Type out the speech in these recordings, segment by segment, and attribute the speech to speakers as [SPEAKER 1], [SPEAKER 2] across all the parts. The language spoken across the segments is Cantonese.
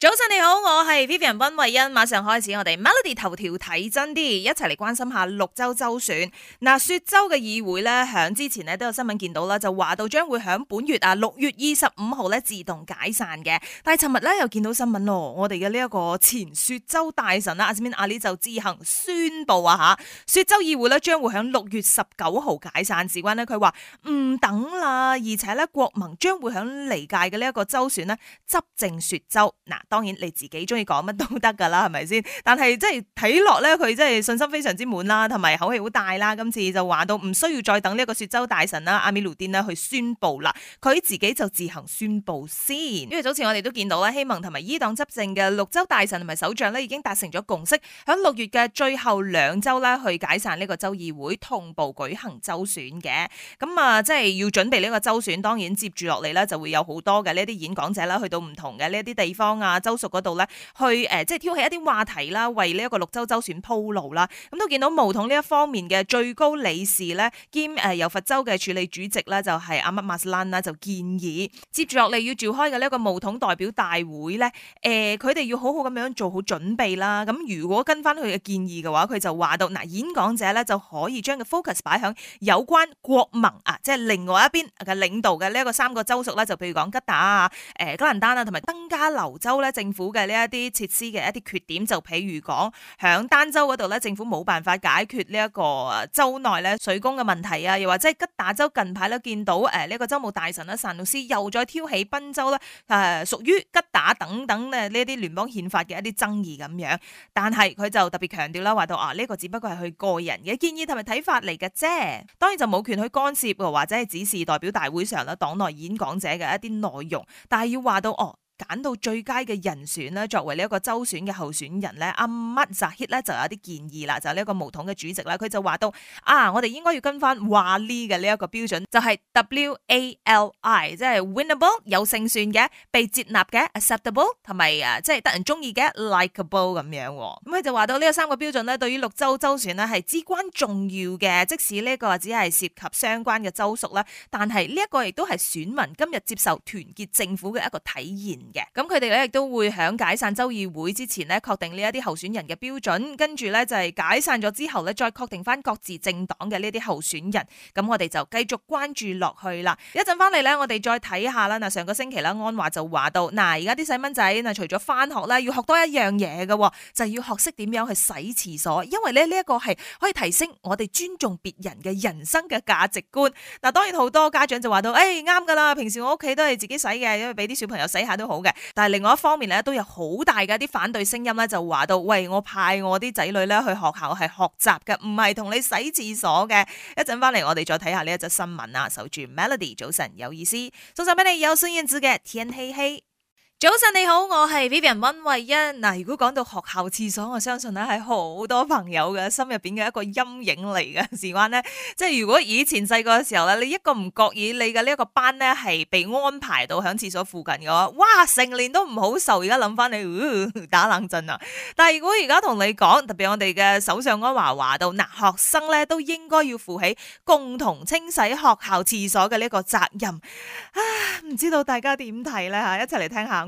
[SPEAKER 1] 早晨你好，我係 Vivian 溫慧欣。馬上開始我哋 Melody 頭條睇真啲，一齊嚟關心下六州州選。嗱，雪州嘅議會咧響之前咧都有新聞見到啦，就話到將會響本月啊六月二十五號咧自動解散嘅。但係尋日咧又見到新聞咯，我哋嘅呢一個前雪州大臣啦阿斯敏阿里就自行宣布啊吓，雪州議會呢，將會響六月十九號解散。事關呢，佢話唔等啦，而且咧國盟將會響離界嘅呢一個州選咧執政雪州嗱。當然你自己中意講乜都得㗎啦，係咪先？但係即係睇落咧，佢真係信心非常之滿啦，同埋口氣好大啦。今次就話到唔需要再等呢一個雪州大臣啦，阿米盧甸啦去宣布啦，佢自己就自行宣布先。因為早前我哋都見到啦，希盟同埋伊黨執政嘅六州大臣同埋首相咧已經達成咗共識，喺六月嘅最後兩週咧去解散呢個州議會，同步舉行州選嘅。咁、嗯、啊，即係要準備呢個州選，當然接住落嚟咧就會有好多嘅呢啲演講者啦，去到唔同嘅呢一啲地方啊。州屬嗰度咧，去、呃、誒即係挑起一啲話題啦，為呢一個六州州選鋪路啦。咁都見到巫統呢一方面嘅最高理事咧，兼誒柔佛州嘅處理主席咧，就係、是、阿密馬斯蘭啦，就建議接住落嚟要召開嘅呢一個巫統代表大會咧。誒、呃，佢哋要好好咁樣做好準備啦。咁如果跟翻佢嘅建議嘅話，佢就話到嗱、呃，演講者咧就可以將個 focus 擺喺有關國盟啊，即係另外一邊嘅領導嘅呢一個三個州屬咧，就譬如講吉打啊、誒吉蘭丹啊，同埋登嘉樓州咧。呃政府嘅呢一啲設施嘅一啲缺點，就譬如講響丹州嗰度咧，政府冇辦法解決呢一個州內咧水工嘅問題啊，又或者係吉打州近排咧見到誒呢一個州務大臣咧，譚律師又再挑起檳州咧誒屬於吉打等等咧呢一啲聯邦憲法嘅一啲爭議咁樣，但係佢就特別強調啦，話到啊呢個只不過係佢個人嘅建議同埋睇法嚟嘅啫，當然就冇權去干涉，或者係指示代表大會上啦黨內演講者嘅一啲內容，但係要話到哦。揀到最佳嘅人選咧，作為呢一個州選嘅候選人咧，Ahmad Zahid 咧就有啲建議啦，就係呢一個巫統嘅主席啦，佢就話到啊，我哋應該要跟翻 Wali 嘅呢一個標準，就係、是、W A L I，即係 winnable 有勝算嘅，被接納嘅 acceptable，同埋啊即係得人中意嘅 likeable 咁樣。咁、嗯、佢就話到呢個三個標準咧，對於六州州選咧係至關重要嘅，即使呢一個只係涉及相關嘅州屬啦，但係呢一個亦都係選民今日接受團結政府嘅一個體現。嘅咁佢哋咧亦都會喺解散州議會之前咧確定呢一啲候選人嘅標準，跟住咧就係解散咗之後咧再確定翻各自政黨嘅呢啲候選人。咁我哋就繼續關注落去啦。一陣翻嚟咧，我哋再睇下啦。嗱，上個星期啦，安華就話到嗱，而家啲細蚊仔嗱，除咗翻學咧，要學多一樣嘢嘅，就係要學識點樣去洗廁所，因為咧呢一個係可以提升我哋尊重別人嘅人生嘅價值觀。嗱，當然好多家長就話到，誒，啱噶啦，平時我屋企都係自己洗嘅，因為俾啲小朋友洗下都好。嘅，但係另外一方面咧，都有好大嘅一啲反對聲音咧，就話到喂，我派我啲仔女咧去學校係學習嘅，唔係同你洗廁所嘅。一陣翻嚟，我哋再睇下呢一則新聞啊。守住 Melody 早晨有意思，送上俾你有孫燕姿嘅天黑黑。早晨你好，我係 Vivian 温慧欣。嗱，如果講到學校廁所，我相信咧係好多朋友嘅心入邊嘅一個陰影嚟嘅事關呢，即係如果以前細個嘅時候咧，你一個唔覺意，你嘅呢一個班呢係被安排到響廁所附近嘅話，哇，成年都唔好受。而家諗翻你、呃，打冷震啊！但係如果而家同你講，特別我哋嘅首相安華話到，嗱，學生咧都應該要負起共同清洗學校廁所嘅呢一個責任。啊，唔知道大家點睇咧吓？一齊嚟聽下。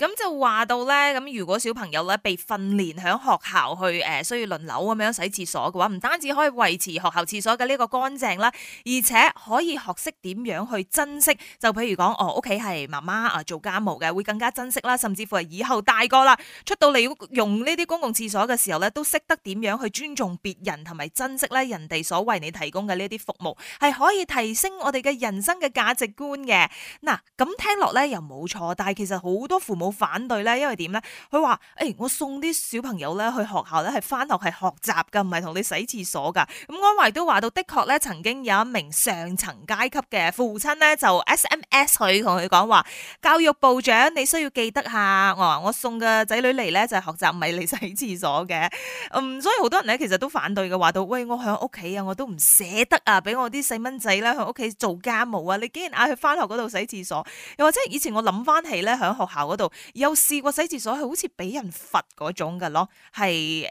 [SPEAKER 1] 咁就話到咧，咁如果小朋友咧被訓練響學校去誒，需要輪流咁樣洗廁所嘅話，唔單止可以維持學校廁所嘅呢個乾淨啦，而且可以學識點樣去珍惜，就譬如講，哦屋企係媽媽啊做家務嘅，會更加珍惜啦，甚至乎係以後大個啦，出到嚟用呢啲公共廁所嘅時候咧，都識得點樣去尊重別人同埋珍惜咧人哋所為你提供嘅呢啲服務，係可以提升我哋嘅人生嘅價值觀嘅。嗱，咁聽落咧又冇錯，但係其實好多父母。反對咧，因為點咧？佢話：誒、欸，我送啲小朋友咧去學校咧，係翻學係學習噶，唔係同你洗廁所噶。咁、嗯、安華都話到，的確咧，曾經有一名上層階級嘅父親咧，就 S M S 佢同佢講話：教育部長，你需要記得下，我話我送個仔女嚟咧就係學習，唔係嚟洗廁所嘅。嗯，所以好多人咧其實都反對嘅，話到：喂，我喺屋企啊，我都唔捨得啊，俾我啲細蚊仔咧喺屋企做家務啊，你竟然嗌佢翻學嗰度洗廁所？又或者以前我諗翻起咧，喺學校嗰度。有試過洗廁所，係好似俾人罰嗰種噶咯，係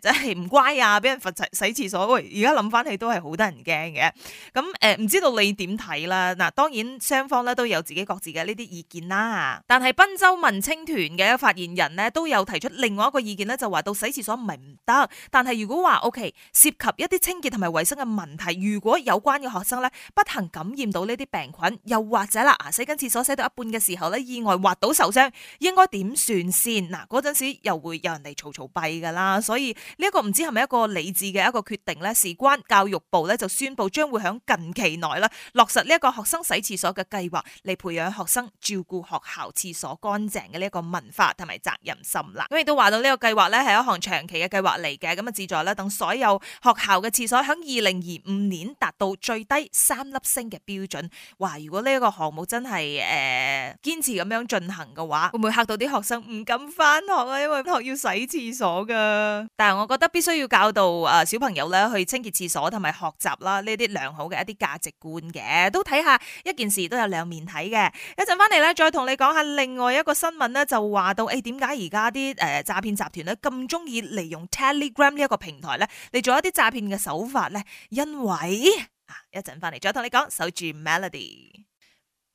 [SPEAKER 1] 誒，即係唔乖啊，俾人罰洗洗廁所。喂，而家諗翻起都係好得人驚嘅。咁、嗯、誒、唔、呃、知道你點睇啦？嗱，當然雙方咧都有自己各自嘅呢啲意見啦。但係賓州文青團嘅發言人咧都有提出另外一個意見呢，就話到洗廁所唔係唔得，但係如果話 O K 涉及一啲清潔同埋衛生嘅問題，如果有關嘅學生呢，不幸感染到呢啲病菌，又或者啦啊，洗緊廁所洗到一半嘅時候呢，意外滑倒受傷。應該點算先嗱？嗰陣時又會有人嚟嘈嘈閉噶啦，所以呢一個唔知係咪一個理智嘅一個決定呢？事關教育部呢就宣布將會響近期內咧落實呢一個學生洗廁所嘅計劃，嚟培養學生照顧學校廁所乾淨嘅呢一個文化同埋責任心啦。咁亦都話到呢個計劃呢係一項長期嘅計劃嚟嘅，咁啊自在咧等所有學校嘅廁所響二零二五年達到最低三粒星嘅標準。哇！如果呢一個項目真係誒、呃、堅持咁樣進行嘅話，會唔會嚇到啲學生唔敢翻學啊？因為學要洗廁所噶。但係我覺得必須要教導，誒小朋友咧去清潔廁所同埋學習啦呢啲良好嘅一啲價值觀嘅。都睇下一件事都有兩面睇嘅。一陣翻嚟咧，再同你講下另外一個新聞咧，就話到誒，點解而家啲誒詐騙集團咧咁中意利用 Telegram 呢一個平台咧嚟做一啲詐騙嘅手法咧？因為啊，一陣翻嚟再同你講守住 Melody。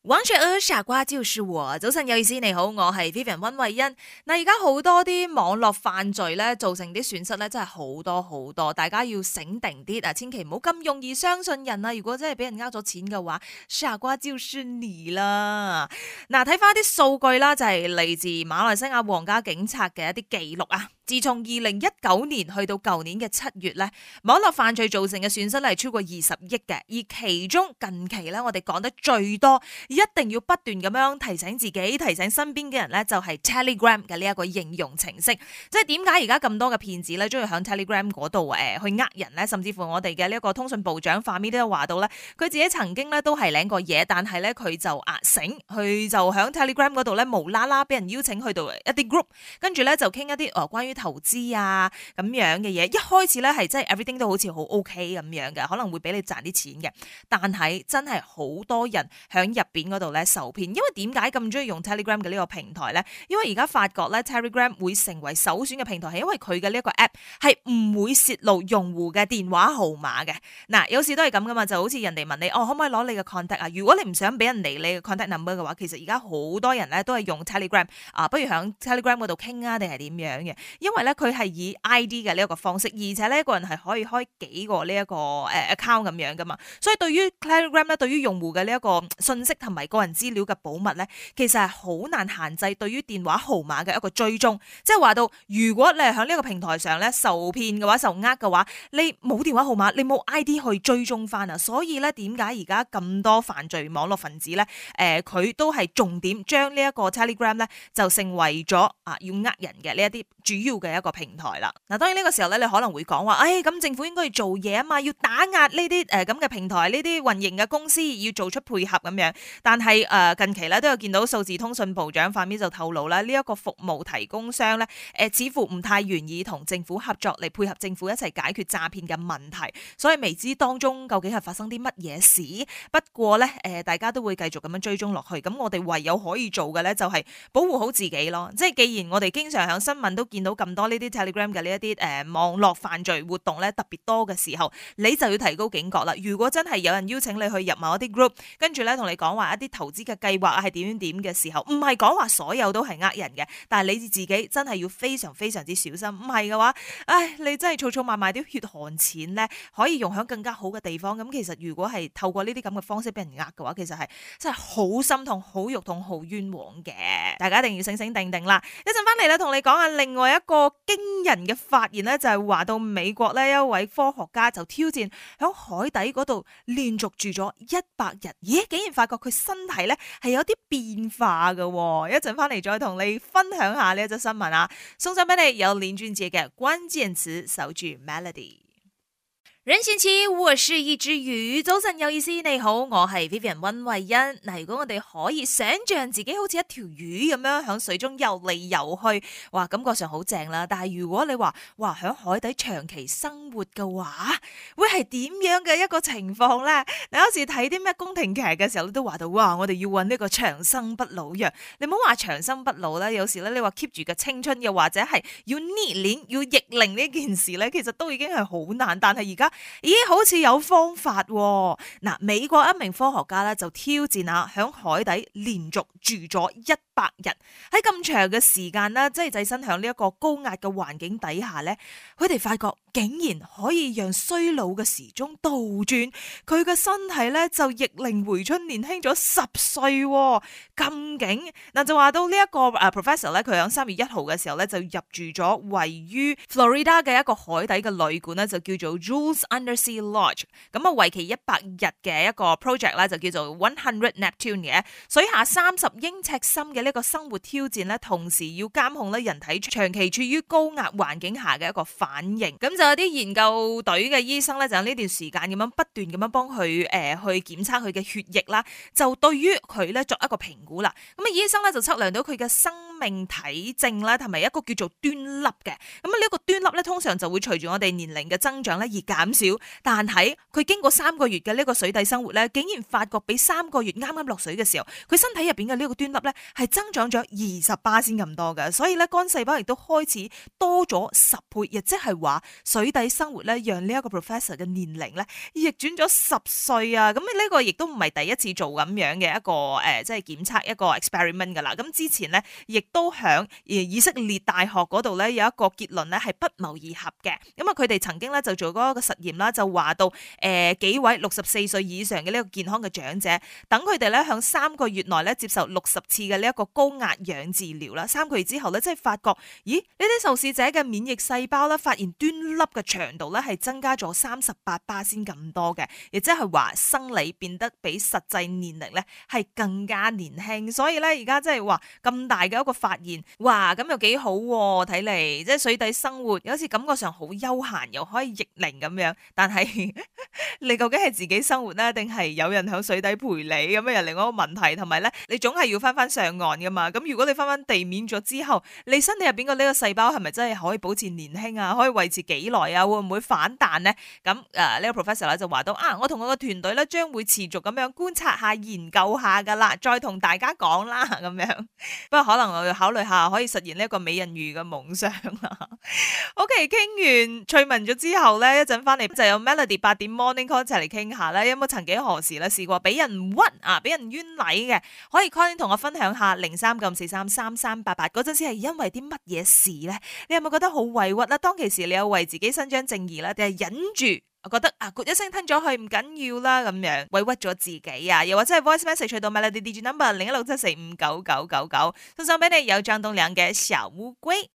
[SPEAKER 1] w a t 傻瓜蕉樹，早晨有意思，你好，我係 Vivian 温慧欣。嗱，而家好多啲網絡犯罪咧，造成啲損失咧，真係好多好多。大家要醒定啲啊，千祈唔好咁容易相信人啊。如果真係俾人呃咗錢嘅話，傻瓜蕉樹你啦。嗱，睇翻啲數據啦，就係、是、嚟自馬來西亞皇家警察嘅一啲記錄啊。自從二零一九年到去到舊年嘅七月咧，網絡犯罪造成嘅損失咧係超過二十億嘅，而其中近期咧，我哋講得最多。一定要不斷咁樣提醒自己，提醒身邊嘅人咧，就係 Telegram 嘅呢一個應用程式。即係點解而家咁多嘅騙子咧，中意響 Telegram 嗰度誒去呃人咧，甚至乎我哋嘅呢一個通訊部長範咪都有話到咧，佢自己曾經咧都係領過嘢，但係咧佢就呃、啊、醒，佢就響 Telegram 嗰度咧無啦啦俾人邀請去到一啲 group，跟住咧就傾一啲誒關於投資啊咁樣嘅嘢。一開始咧係即係 everything 都好似好 OK 咁樣嘅，可能會俾你賺啲錢嘅，但係真係好多人響入邊，片嗰度咧受騙，因為點解咁中意用 Telegram 嘅呢個平台咧？因為而家發覺咧 Telegram 會成為首選嘅平台，係因為佢嘅呢一個 App 係唔會洩露用戶嘅電話號碼嘅。嗱，有時都係咁噶嘛，就好似人哋問你哦，可唔可以攞你嘅 contact 啊？如果你唔想俾人哋你嘅 contact number 嘅話，其實而家好多人咧都係用 Telegram 啊，不如響 Telegram 度傾啊，定係點樣嘅？因為咧佢係以 ID 嘅呢一個方式，而且咧個人係可以開幾個呢一個誒、呃、account 咁樣噶嘛。所以對於 Telegram 咧，對於用戶嘅呢一個信息。同埋個人資料嘅保密咧，其實係好難限制對於電話號碼嘅一個追蹤。即係話到，如果你係喺呢個平台上咧受騙嘅話、受呃嘅話，你冇電話號碼，你冇 ID 去追蹤翻啊。所以咧，點解而家咁多犯罪網絡分子咧？誒、呃，佢都係重點將呢一個 Telegram 咧，就成為咗啊、呃、要呃人嘅呢一啲主要嘅一個平台啦。嗱，當然呢個時候咧，你可能會講話，誒、哎、咁政府應該要做嘢啊嘛，要打壓呢啲誒咁嘅平台、呢啲運營嘅公司，要做出配合咁樣。但係誒、呃、近期咧都有見到數字通訊部長法米就透露啦，呢、這、一個服務提供商咧誒、呃、似乎唔太願意同政府合作嚟配合政府一齊解決詐騙嘅問題，所以未知當中究竟係發生啲乜嘢事。不過咧誒、呃、大家都會繼續咁樣追蹤落去。咁我哋唯有可以做嘅咧就係、是、保護好自己咯。即係既然我哋經常喺新聞都見到咁多呢啲 Telegram 嘅呢一啲誒、呃、網絡犯罪活動咧特別多嘅時候，你就要提高警覺啦。如果真係有人邀請你去入某一啲 group，跟住咧同你講話。一啲投資嘅計劃係點點點嘅時候，唔係講話所有都係呃人嘅，但係你自己真係要非常非常之小心。唔係嘅話，唉，你真係儲儲埋埋啲血汗錢咧，可以用喺更加好嘅地方。咁其實如果係透過呢啲咁嘅方式俾人呃嘅話，其實係真係好心痛、好肉痛、好冤枉嘅。大家一定要醒醒定定啦！一陣翻嚟咧，同你講下另外一個驚人嘅發現咧，就係話到美國咧，一位科學家就挑戰喺海底嗰度連續住咗一百日，咦、啊，竟然發覺佢。身體咧係有啲變化嘅、哦，一陣翻嚟再同你分享下呢一則新聞啊！送上俾你有鏈鑽戒嘅關鍵詞守住 Melody。人善似我是一隻魚，早晨有意思，你好，我係 Vivian 溫慧欣。嗱，如果我哋可以想象自己好似一條魚咁樣喺水中游嚟游去，哇，感覺上好正啦。但係如果你話哇喺海底長期生活嘅話，會係點樣嘅一個情況咧？你有時睇啲咩宮廷劇嘅時候，你都話到哇，我哋要搵呢個長生不老藥。你唔好話長生不老啦，有時咧你話 keep 住個青春，又或者係要逆年要逆齡呢件事咧，其實都已經係好難。但係而家。咦，好似有方法嗱、哦！美國一名科學家咧就挑戰啊，響海底連續住咗一百日，喺咁長嘅時間咧，即係置身響呢一個高壓嘅環境底下咧，佢哋發覺。竟然可以讓衰老嘅時鐘倒轉，佢嘅身體咧就逆齡回春，年輕咗十歲咁勁嗱！就話到呢一個誒，professor 咧，佢喺三月一號嘅時候咧就入住咗位於 Florida 嘅一個海底嘅旅館咧，就叫做 Jules Undersea Lodge。咁啊，為期一百日嘅一個 project 咧，就叫做 One Hundred Neptune 嘅水下三十英尺深嘅呢一個生活挑戰咧，同時要監控咧人體長期處於高壓環境下嘅一個反應咁。就有啲研究隊嘅醫生咧，就喺呢段時間咁樣不斷咁樣幫佢誒去檢測佢嘅血液啦，就對於佢咧作一個評估啦。咁啊，醫生咧就測量到佢嘅生。命體症啦，同埋一個叫做端粒嘅，咁啊呢一個端粒咧，通常就會隨住我哋年齡嘅增長咧而減少。但係佢經過三個月嘅呢個水底生活咧，竟然發覺比三個月啱啱落水嘅時候，佢身體入邊嘅呢個端粒咧係增長咗二十巴仙咁多㗎。所以咧幹細胞亦都開始多咗十倍，亦即係話水底生活咧，讓呢一個 professor 嘅年齡咧逆轉咗十歲啊！咁呢個亦都唔係第一次做咁樣嘅一個誒、呃，即係檢測一個 experiment 㗎啦。咁之前咧亦都響以色列大學嗰度咧有一個結論咧係不謀而合嘅。咁啊佢哋曾經咧就做過一個實驗啦，就話到誒、呃、幾位六十四歲以上嘅呢個健康嘅長者，等佢哋咧響三個月內咧接受六十次嘅呢一個高壓氧治療啦，三個月之後咧即係發覺，咦呢啲受試者嘅免疫細胞啦，發現端粒嘅長度咧係增加咗三十八巴先咁多嘅，亦即係話生理變得比實際年齡咧係更加年輕，所以咧而家即係話咁大嘅一個。發現哇，咁又幾好睇、啊、嚟，即係水底生活，有時感覺上好悠閒，又可以逆齡咁樣。但係 你究竟係自己生活呢？定係有人喺水底陪你咁樣？咁又另一個問題同埋咧，你總係要翻翻上岸噶嘛？咁如果你翻翻地面咗之後，你身體入邊嘅呢個細胞係咪真係可以保持年輕啊？可以維持幾耐啊？會唔會反彈呢？咁誒、呃這個、呢個 professor 咧就話到啊，我同我個團隊咧將會持續咁樣觀察下、研究下噶啦，再同大家講啦咁樣。不 過可能。我……考慮下可以實現呢一個美人魚嘅夢想啦。 OK，傾完趣聞咗之後咧，一陣翻嚟就有 Melody 八點 Morning Call 一齊嚟傾下啦。有冇曾幾何時咧試過俾人屈啊，俾人冤禮嘅？可以 Call 同我分享下零三九四三三三八八嗰陣時係因為啲乜嘢事咧？你有冇覺得好委屈啦？當其時你有為自己伸張正義啦，定係忍住？我覺得啊咕一聲吞咗去唔緊要啦，咁樣委屈咗自己啊，又或者係 voice message 去到 Melody DJ number 零一六七四五九九九九，送上畀你有張棟梁嘅小烏龜。